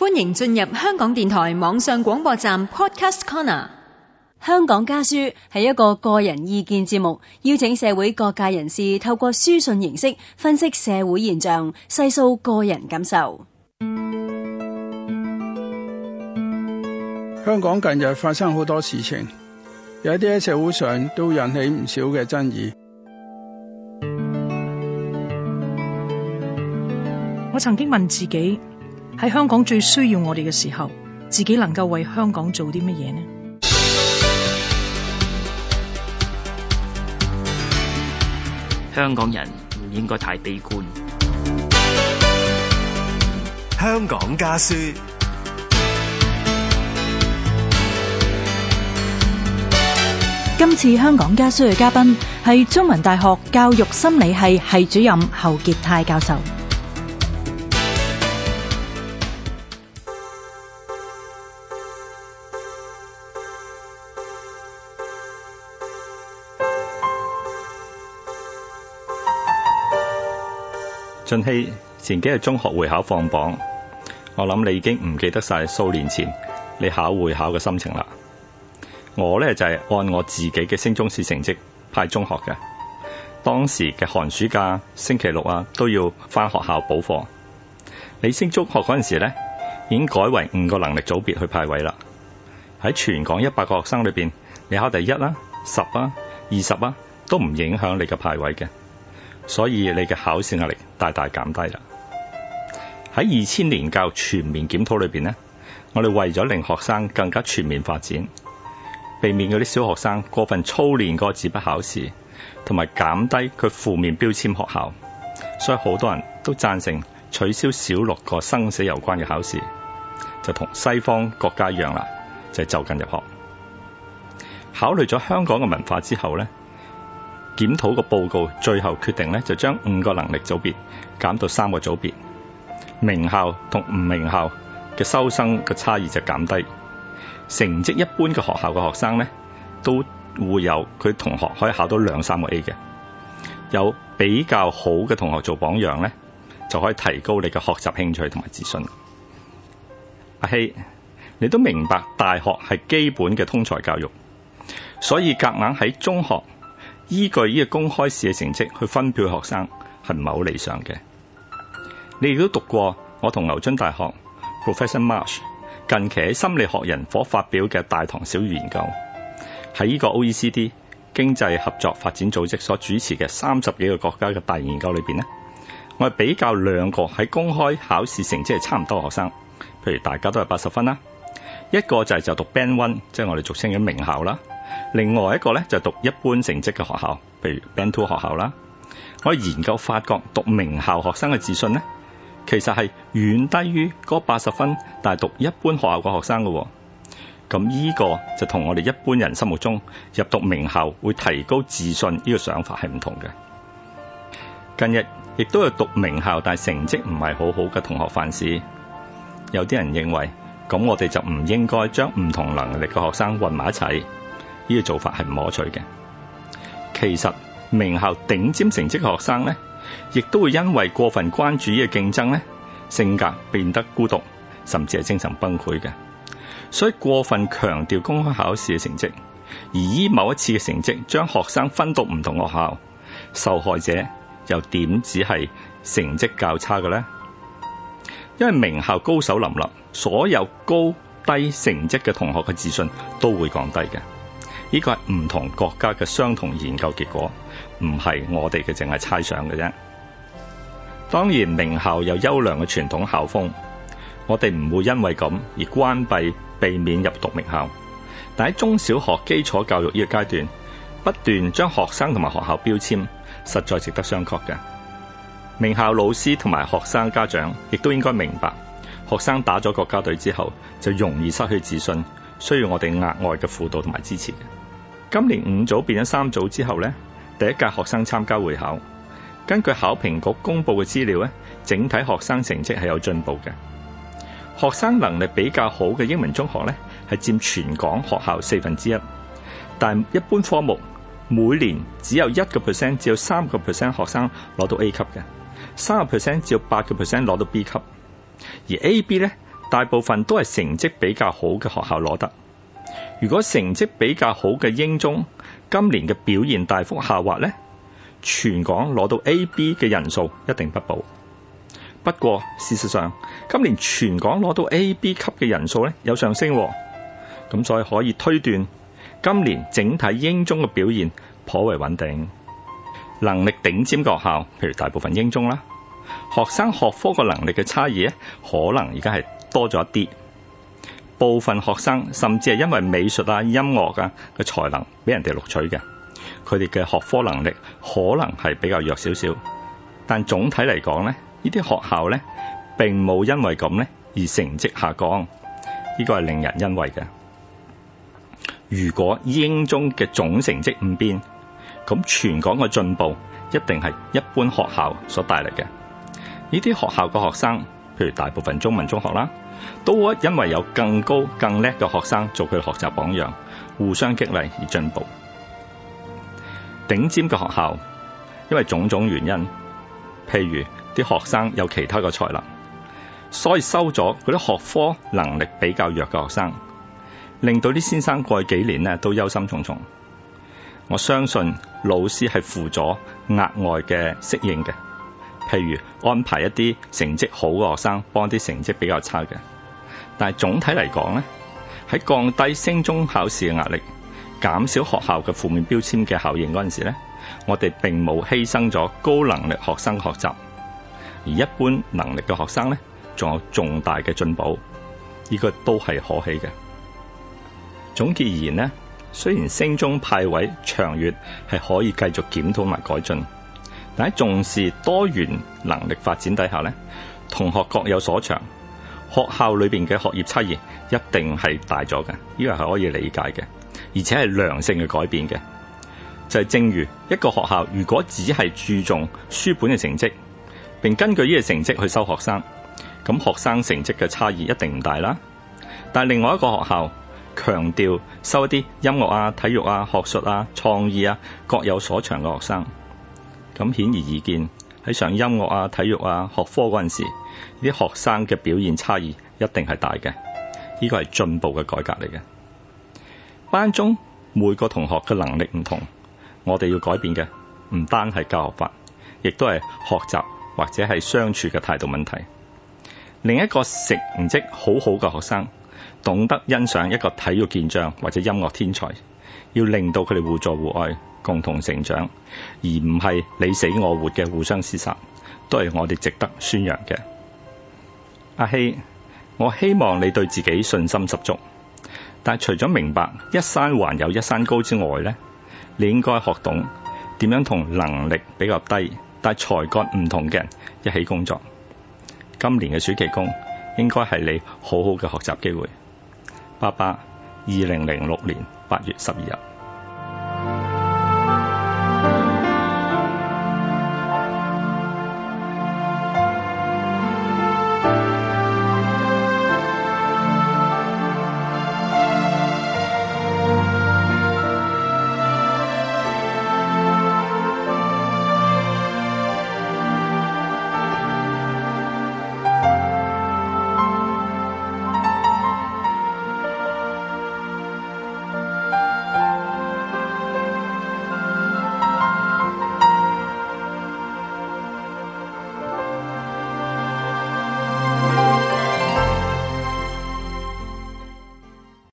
歡迎進入香港電台網上廣播站 Podcast Corner。香港家書係一個個人意見節目，邀請社會各界人士透過書信形式分析社會現象，細數個人感受。香港近日發生好多事情，有啲喺社會上都引起唔少嘅爭議。我曾經問自己，喺香港最需要我哋嘅時候，自己能夠為香港做啲乜嘢呢？香港人唔應該太悲觀。香港家書。今次香港家書嘅嘉賓係中文大學教育心理系系主任侯傑泰教授。俊熙，前幾日中學會考放榜，我諗你已經唔記得晒數年前你考會考嘅心情啦。我呢就係按我自己嘅升中試成績派中學嘅。當時嘅寒暑假、星期六啊，都要返學校補課。你升中學嗰陣時呢，已經改為五個能力組別去派位啦。喺全港一百個學生裏邊，你考第一啦、十啊、二十啊，都唔影響你嘅派位嘅。所以你嘅考試壓力大大減低啦。喺二千年教育全面檢討裏面呢，我哋為咗令學生更加全面發展，避免嗰啲小學生過分操練嗰個紙筆考試，同埋減低佢負面標籤學校，所以好多人都贊成取消小六個生死有關嘅考試，就同西方國家一樣啦，就係、就近入學。考慮咗香港嘅文化之後呢。檢討個報告，最後決定咧就將五個能力組別減到三個組別，名校同唔名校嘅收生嘅差異就減低。成績一般嘅學校嘅學生咧都會有佢同學可以考到兩三個 A 嘅，有比較好嘅同學做榜樣咧，就可以提高你嘅學習興趣同埋自信。阿希，你都明白大學係基本嘅通才教育，所以夾硬喺中學，依據呢個公開試嘅成績去分配學生係唔係好理想嘅？你亦都讀過我同牛津大學 Professor Marsh 近期喺《心理學人》所發表嘅大塘小魚研究，喺呢個 OECD 經濟合作發展組織所主持嘅三十幾個國家嘅大研究裏面，咧，我係比較兩個喺公開考試成績係差唔多嘅學生，譬如大家都係八十分啦，一個就係就讀 Band One，即係我哋俗稱嘅名校啦。另外一個咧，就讀一般成績嘅學校，譬如 Band Two 學校啦。我研究發覺讀名校學生嘅自信呢，其實係遠低於嗰八十分但係讀一般學校嘅學生嘅。咁、這、呢個就同我哋一般人心目中入讀名校會提高自信呢、這個想法係唔同嘅。近日亦都有讀名校但係成績唔係好好嘅同學犯事。有啲人認為咁我哋就唔應該將唔同能力嘅學生混埋一齊。呢個做法係唔可取嘅。其實名校頂尖成績嘅學生咧，亦都會因為過分關注呢個競爭咧，性格變得孤獨，甚至係精神崩潰嘅。所以過分強調公開考試嘅成績，而依某一次嘅成績將學生分到唔同學校，受害者又點止係成績較差嘅咧？因為名校高手林立，所有高低成績嘅同學嘅自信都會降低嘅。呢個係唔同國家嘅相同研究結果，唔係我哋嘅淨係猜想嘅啫。當然，名校有優良嘅傳統校風，我哋唔會因為咁而關閉、避免入讀名校。但喺中小學基礎教育呢個階段，不斷將學生同埋學校標籤，實在值得商榷嘅。名校老師同埋學生家長亦都應該明白，學生打咗國家隊之後，就容易失去自信。需要我哋額外嘅輔導同埋支持。今年五組變咗三組之後咧，第一屆學生參加會考，根據考評局公布嘅資料咧，整體學生成績係有進步嘅。學生能力比較好嘅英文中學咧，係占全港學校四分之一，但係一般科目每年只有一個 percent，只有三個 percent 學生攞到 A 級嘅，三個 percent 只有八個 percent 攞到 B 級，而 A、B 咧。大部分都係成績比較好嘅學校攞得。如果成績比較好嘅英中今年嘅表現大幅下滑咧，全港攞到 A、B 嘅人數一定不保。不過事實上，今年全港攞到 A、B 級嘅人數咧有上升，咁所以可以推斷今年整體英中嘅表現頗為穩定。能力頂尖學校，譬如大部分英中啦，學生學科嘅能力嘅差異咧，可能而家係。多咗一啲，部分學生甚至係因為美術啊、音樂啊嘅才能俾人哋錄取嘅，佢哋嘅學科能力可能係比較弱少少，但總體嚟講咧，呢啲學校咧並冇因為咁咧而成績下降，呢個係令人欣慰嘅。如果英中嘅總成績唔變，咁全港嘅進步一定係一般學校所帶嚟嘅，呢啲學校嘅學生。譬如大部分中文中學啦，都會因為有更高、更叻嘅學生做佢學習榜樣，互相激勵而進步。頂尖嘅學校，因為種種原因，譬如啲學生有其他嘅才能，所以收咗嗰啲學科能力比較弱嘅學生，令到啲先生過去幾年咧都憂心忡忡。我相信老師係付咗額外嘅適應嘅。譬如安排一啲成績好嘅學生幫啲成績比較差嘅，但係總體嚟講咧，喺降低升中考試嘅壓力、減少學校嘅負面標籤嘅效應嗰陣時咧，我哋並冇犧牲咗高能力學生的學習，而一般能力嘅學生咧，仲有重大嘅進步，呢、這個都係可喜嘅。總結而言咧，雖然升中派位長遠係可以繼續檢討同埋改進。喺重視多元能力發展底下咧，同學各有所長，學校裏邊嘅學業差異一定係大咗嘅，呢個係可以理解嘅，而且係良性嘅改變嘅。就係正如一個學校如果只係注重書本嘅成績，並根據呢個成績去收學生，咁學生成績嘅差異一定唔大啦。但另外一個學校強調收一啲音樂啊、體育啊、學術啊、創意啊，各有所長嘅學生。咁顯而易見，喺上音樂啊、體育啊、學科嗰陣時，呢啲學生嘅表現差異一定係大嘅。呢個係進步嘅改革嚟嘅。班中每個同學嘅能力唔同，我哋要改變嘅唔單係教學法，亦都係學習或者係相處嘅態度問題。另一個成績好好嘅學生，懂得欣賞一個體育健將或者音樂天才，要令到佢哋互助互愛。共同成長，而唔係你死我活嘅互相廝殺，都係我哋值得宣揚嘅。阿希，我希望你對自己信心十足。但除咗明白一山還有一山高之外呢，你應該學懂點樣同能力比較低，但才幹唔同嘅人一起工作。今年嘅暑期工應該係你好好嘅學習機會。爸爸，二零零六年八月十二日。